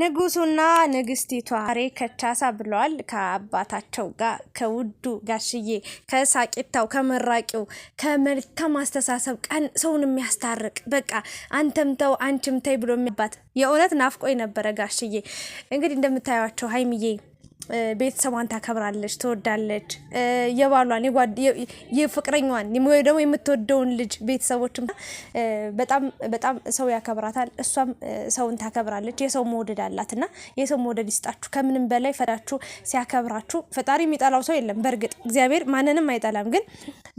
ንጉሱና ንግስቲቷ ዛሬ ከቻሳ ብለዋል። ከአባታቸው ጋር ከውዱ ጋሽዬ ከሳቂታው ከመራቂው ከመልካም አስተሳሰብ ቀን ሰውን የሚያስታርቅ በቃ አንተም ተው አንቺም ተይ ብሎ የሚባት የእውነት ናፍቆ የነበረ ጋሽዬ። እንግዲህ እንደምታዩቸው ሀይምዬ ቤተሰቧን ታከብራለች፣ ትወዳለች። የባሏን የፍቅረኛዋን ወይ ደግሞ የምትወደውን ልጅ ቤተሰቦችም በጣም በጣም ሰው ያከብራታል፣ እሷም ሰውን ታከብራለች። የሰው መውደድ አላት እና የሰው መውደድ ይስጣችሁ። ከምንም በላይ ፈዳችሁ ሲያከብራችሁ ፈጣሪ የሚጠላው ሰው የለም። በእርግጥ እግዚአብሔር ማንንም አይጠላም፣ ግን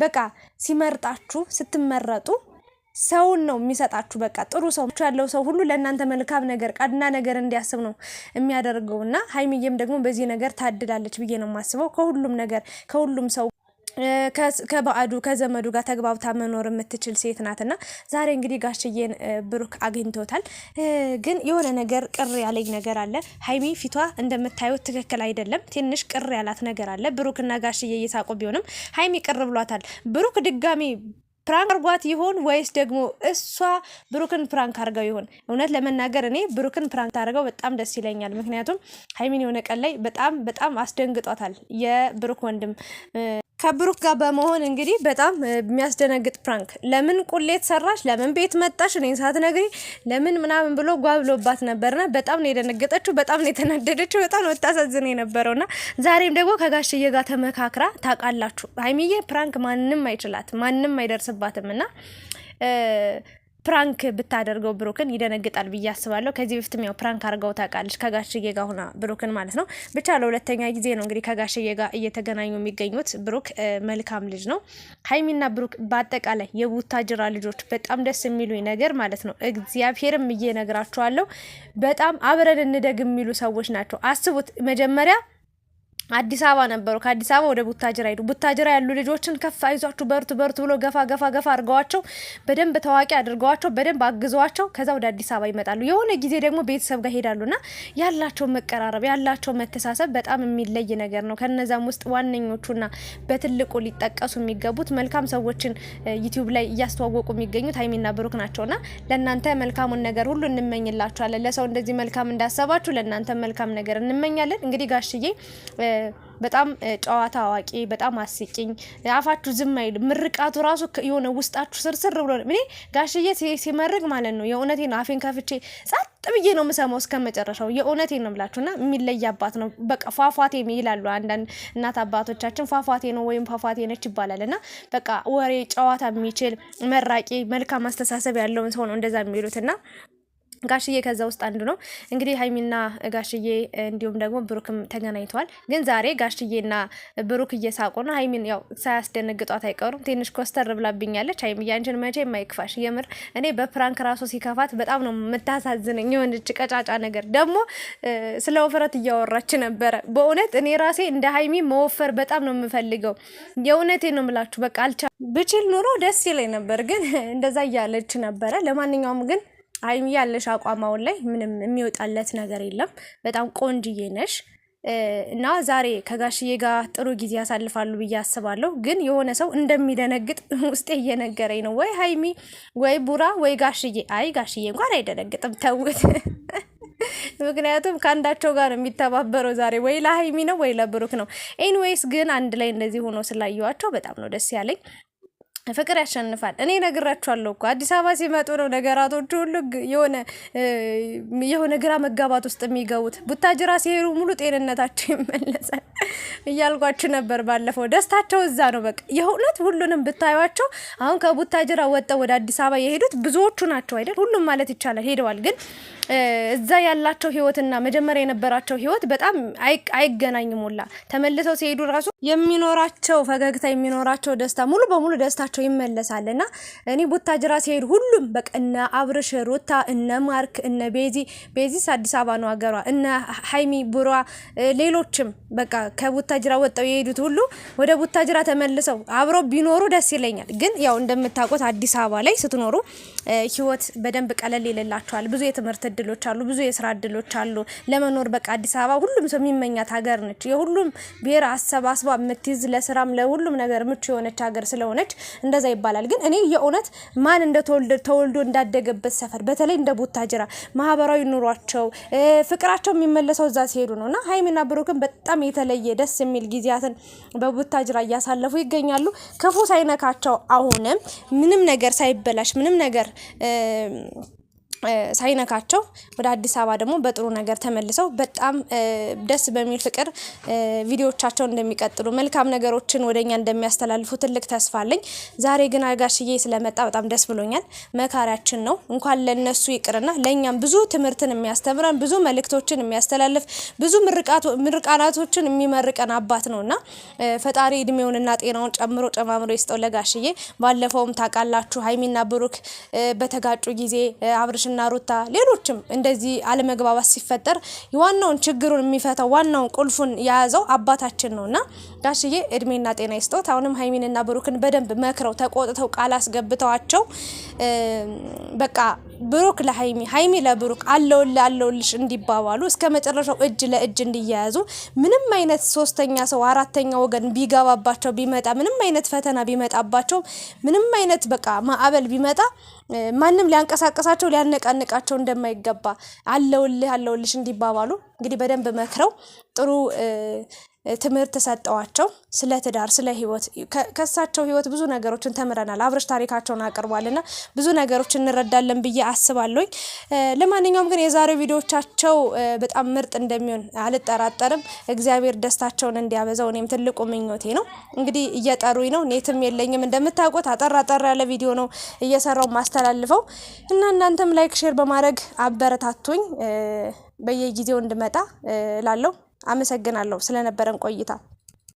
በቃ ሲመርጣችሁ ስትመረጡ ሰውን ነው የሚሰጣችሁ። በቃ ጥሩ ሰው ያለው ሰው ሁሉ ለእናንተ መልካም ነገር ቀና ነገር እንዲያስብ ነው የሚያደርገው እና ሀይሚዬም ደግሞ በዚህ ነገር ታድላለች ብዬ ነው የማስበው። ከሁሉም ነገር ከሁሉም ሰው ከባዕዱ ከዘመዱ ጋር ተግባብታ መኖር የምትችል ሴት ናትና ዛሬ እንግዲህ ጋሽዬን ብሩክ አግኝቶታል። ግን የሆነ ነገር ቅር ያለኝ ነገር አለ። ሀይሚ ፊቷ እንደምታዩት ትክክል አይደለም። ትንሽ ቅር ያላት ነገር አለ። ብሩክና ጋሽዬ እየሳቁ ቢሆንም ሀይሚ ቅር ብሏታል። ብሩክ ድጋሚ ፕራንክ አርጓት ይሆን ወይስ ደግሞ እሷ ብሩክን ፕራንክ አርገው ይሆን? እውነት ለመናገር እኔ ብሩክን ፕራንክ ታደርገው በጣም ደስ ይለኛል። ምክንያቱም ሀይሚን የሆነ ቀን ላይ በጣም በጣም አስደንግጧታል የብሩክ ወንድም ከብሩክ ጋር በመሆን እንግዲህ በጣም የሚያስደነግጥ ፕራንክ ለምን ቁሌት ሰራሽ፣ ለምን ቤት መጣሽ፣ እኔን ሳትነግሪ ለምን ምናምን ብሎ ጓ ብሎባት ነበርና በጣም ነው የደነገጠችው፣ በጣም ነው የተናደደችው፣ በጣም ነው የምታሳዝን የነበረውና ዛሬም ደግሞ ከጋሽዬ ጋር ተመካክራ ታውቃላችሁ። ሀይሚዬ ፕራንክ ማንም አይችላት ማንም አይደርስባትም እና ፕራንክ ብታደርገው ብሩክን ይደነግጣል ብዬ አስባለሁ። ከዚህ በፊትም ያው ፕራንክ አድርገው ታውቃለች ከጋሽዬ ጋር ሁና ብሩክን ማለት ነው። ብቻ ለሁለተኛ ጊዜ ነው እንግዲህ ከጋሽዬ ጋር እየተገናኙ የሚገኙት። ብሩክ መልካም ልጅ ነው። ሀይሚና ብሩክ በአጠቃላይ የቡታጅራ ልጆች በጣም ደስ የሚሉኝ ነገር ማለት ነው። እግዚአብሔርም እየነግራችኋለሁ በጣም አብረን እንደግ የሚሉ ሰዎች ናቸው። አስቡት መጀመሪያ አዲስ አበባ ነበሩ። ከአዲስ አበባ ወደ ቡታጅራ ሄዱ። ቡታጅራ ያሉ ልጆችን ከፍ አይዟችሁ፣ በርቱ በርቱ ብሎ ገፋ ገፋ ገፋ አድርገዋቸው በደንብ ታዋቂ አድርገዋቸው በደንብ አግዘዋቸው ከዛ ወደ አዲስ አበባ ይመጣሉ። የሆነ ጊዜ ደግሞ ቤተሰብ ጋር ሄዳሉና ያላቸው መቀራረብ ያላቸው መተሳሰብ በጣም የሚለይ ነገር ነው። ከነዛም ውስጥ ዋነኞቹና በትልቁ ሊጠቀሱ የሚገቡት መልካም ሰዎችን ዩቲዩብ ላይ እያስተዋወቁ የሚገኙት ሀይሚና ብሩክ ናቸውና ለእናንተ መልካሙን ነገር ሁሉ እንመኝላችኋለን። ለሰው እንደዚህ መልካም እንዳሰባችሁ ለእናንተ መልካም ነገር እንመኛለን። እንግዲህ ጋሽዬ በጣም ጨዋታ አዋቂ፣ በጣም አስቂኝ፣ አፋችሁ ዝም አይል። ምርቃቱ ራሱ የሆነ ውስጣችሁ ስርስር ብሎ እኔ ጋሽዬ ሲመርቅ ማለት ነው ነው አፌን ከፍቼ ጸጥ ብዬ ነው የምሰማው እስከ መጨረሻው። የእውነቴ ነው የምላችሁና የሚለይ አባት ነው። በቃ ፏፏቴ ይላሉ አንዳንድ እናት አባቶቻችን፣ ፏፏቴ ነው ወይም ፏፏቴ ነች ይባላል። እና በቃ ወሬ ጨዋታ የሚችል መራቂ፣ መልካም አስተሳሰብ ያለውን ሰው ነው እንደዛ የሚሉትና ጋሽዬ ከዛ ውስጥ አንዱ ነው። እንግዲህ ሀይሚና ጋሽዬ እንዲሁም ደግሞ ብሩክም ተገናኝተዋል። ግን ዛሬ ጋሽዬና ብሩክ እየሳቁ ነው። ሀይሚን ያው ሳያስደነግጧት አይቀሩም። ትንሽ ኮስተር ብላብኛለች። ሀይሚ ያንችን መቼ የማይክፋሽ የምር እኔ በፕራንክ ራሱ ሲከፋት በጣም ነው የምታሳዝነኝ። የሆነች ቀጫጫ ነገር ደግሞ ስለ ወፍረት እያወራች ነበረ። በእውነት እኔ ራሴ እንደ ሀይሚ መወፈር በጣም ነው የምፈልገው። የእውነቴ ነው ምላችሁ። በቃ አልቻ ብችል ኑሮ ደስ ይለኝ ነበር፣ ግን እንደዛ እያለች ነበረ። ለማንኛውም ግን ሀይሚ ያለሽ አቋማውን ላይ ምንም የሚወጣለት ነገር የለም። በጣም ቆንጅዬ ነሽ እና ዛሬ ከጋሽዬ ጋር ጥሩ ጊዜ ያሳልፋሉ ብዬ አስባለሁ። ግን የሆነ ሰው እንደሚደነግጥ ውስጤ እየነገረኝ ነው። ወይ ሀይሚ ወይ ቡራ ወይ ጋሽዬ። አይ ጋሽዬ እንኳን አይደነግጥም ተውት። ምክንያቱም ከአንዳቸው ጋር ነው የሚተባበረው። ዛሬ ወይ ለሀይሚ ነው ወይ ለብሩክ ነው። ኤኒዌይስ ግን አንድ ላይ እንደዚህ ሆኖ ስላየዋቸው በጣም ነው ደስ ያለኝ። ፍቅር ያሸንፋል። እኔ ነግራችኋለሁ እኮ አዲስ አበባ ሲመጡ ነው ነገራቶች ሁሉ የሆነ የሆነ ግራ መጋባት ውስጥ የሚገቡት። ቡታጅራ ሲሄዱ ሙሉ ጤንነታቸው ይመለሳል። እያልጓችሁ ነበር ባለፈው። ደስታቸው እዛ ነው በቃ የእውነት ሁሉንም ብታዩቸው። አሁን ከቡታጅራ ወጥተው ወደ አዲስ አበባ የሄዱት ብዙዎቹ ናቸው አይደል? ሁሉም ማለት ይቻላል ሄደዋል። ግን እዛ ያላቸው ህይወትና መጀመሪያ የነበራቸው ህይወት በጣም አይገናኝም። ሁላ ተመልሰው ሲሄዱ ራሱ የሚኖራቸው ፈገግታ የሚኖራቸው ደስታ ሙሉ በሙሉ ደስታቸው ይመለሳል። እና እኔ ቡታጅራ ሲሄዱ ሁሉም በቃ እነ አብርሽ ሩታ፣ እነ ማርክ፣ እነ ቤዚ ቤዚስ አዲስ አበባ ነው ሀገሯ እነ ሀይሚ ቡሯ፣ ሌሎችም በቃ ከቡ ቡታጅራ ወጣው የሄዱት ሁሉ ወደ ቡታጅራ ተመልሰው አብሮ ቢኖሩ ደስ ይለኛል። ግን ያው እንደምታውቁት አዲስ አበባ ላይ ስትኖሩ ህይወት በደንብ ቀለል ይልላቸዋል። ብዙ የትምህርት እድሎች አሉ፣ ብዙ የስራ እድሎች አሉ። ለመኖር በቃ አዲስ አበባ ሁሉም ሰው የሚመኛት ሀገር ነች። የሁሉም ብሔር አሰባስባ የምትይዝ ለስራም ለሁሉም ነገር ምቹ የሆነች ሀገር ስለሆነች እንደዛ ይባላል። ግን እኔ የእውነት ማን እንደ ተወልዶ እንዳደገበት ሰፈር በተለይ እንደ ቡታጅራ ማህበራዊ ኑሯቸው ፍቅራቸው የሚመለሰው እዛ ሲሄዱ ነው እና ሀይሚና ብሩክን በጣም የተለየ ደስ ደስ የሚል ጊዜያትን በቡታጅራ እያሳለፉ ይገኛሉ። ክፉ ሳይነካቸው አሁንም ምንም ነገር ሳይበላሽ ምንም ነገር ሳይነካቸው ወደ አዲስ አበባ ደግሞ በጥሩ ነገር ተመልሰው በጣም ደስ በሚል ፍቅር ቪዲዮዎቻቸውን እንደሚቀጥሉ መልካም ነገሮችን ወደኛ እንደሚያስተላልፉ ትልቅ ተስፋ አለኝ። ዛሬ ግን አጋሽዬ ስለመጣ በጣም ደስ ብሎኛል። መካሪያችን ነው። እንኳን ለነሱ ይቅርና ለእኛም ብዙ ትምህርትን የሚያስተምረን ብዙ መልእክቶችን የሚያስተላልፍ ብዙ ምርቃናቶችን የሚመርቀን አባት ነው እና ፈጣሪ እድሜውንና ጤናውን ጨምሮ ጨማምሮ ይስጠው ለጋሽዬ። ባለፈውም ታውቃላችሁ ሀይሚና ብሩክ በተጋጩ ጊዜ አብርሽ አብርሽና ሩታ ሌሎችም እንደዚህ አለመግባባት ሲፈጠር ዋናውን ችግሩን የሚፈታው ዋናውን ቁልፉን የያዘው አባታችን ነውና ጋሽዬ እድሜና ጤና ይስጦት። አሁንም ሀይሚንና ብሩክን በደንብ መክረው ተቆጥተው ቃል አስገብተዋቸው በቃ ብሩክ ለሀይሚ ሀይሚ ለብሩክ አለውል አለውልሽ እንዲባባሉ እስከ መጨረሻው እጅ ለእጅ እንዲያያዙ ምንም አይነት ሶስተኛ ሰው አራተኛ ወገን ቢገባባቸው ቢመጣ ምንም አይነት ፈተና ቢመጣባቸው ምንም አይነት በቃ ማዕበል ቢመጣ ማንም ሊያንቀሳቀሳቸው ሊያነቃንቃቸው እንደማይገባ አለውልህ አለውልሽ እንዲባባሉ እንግዲህ በደንብ መክረው ጥሩ ትምህርት ሰጠዋቸው። ስለ ትዳር፣ ስለ ህይወት ከእሳቸው ህይወት ብዙ ነገሮችን ተምረናል። አብረሽ ታሪካቸውን አቅርቧልና ብዙ ነገሮች እንረዳለን ብዬ አስባለሁኝ። ለማንኛውም ግን የዛሬው ቪዲዮቻቸው በጣም ምርጥ እንደሚሆን አልጠራጠርም። እግዚአብሔር ደስታቸውን እንዲያበዛው እኔም ትልቁ ምኞቴ ነው። እንግዲህ እየጠሩኝ ነው፣ ኔትም የለኝም እንደምታውቁት። አጠር አጠር ያለ ቪዲዮ ነው እየሰራው የማስተላልፈው እና እናንተም ላይክ ሼር በማድረግ አበረታቱኝ በየጊዜው እንድመጣ ላለው አመሰግናለሁ ስለነበረን ቆይታ።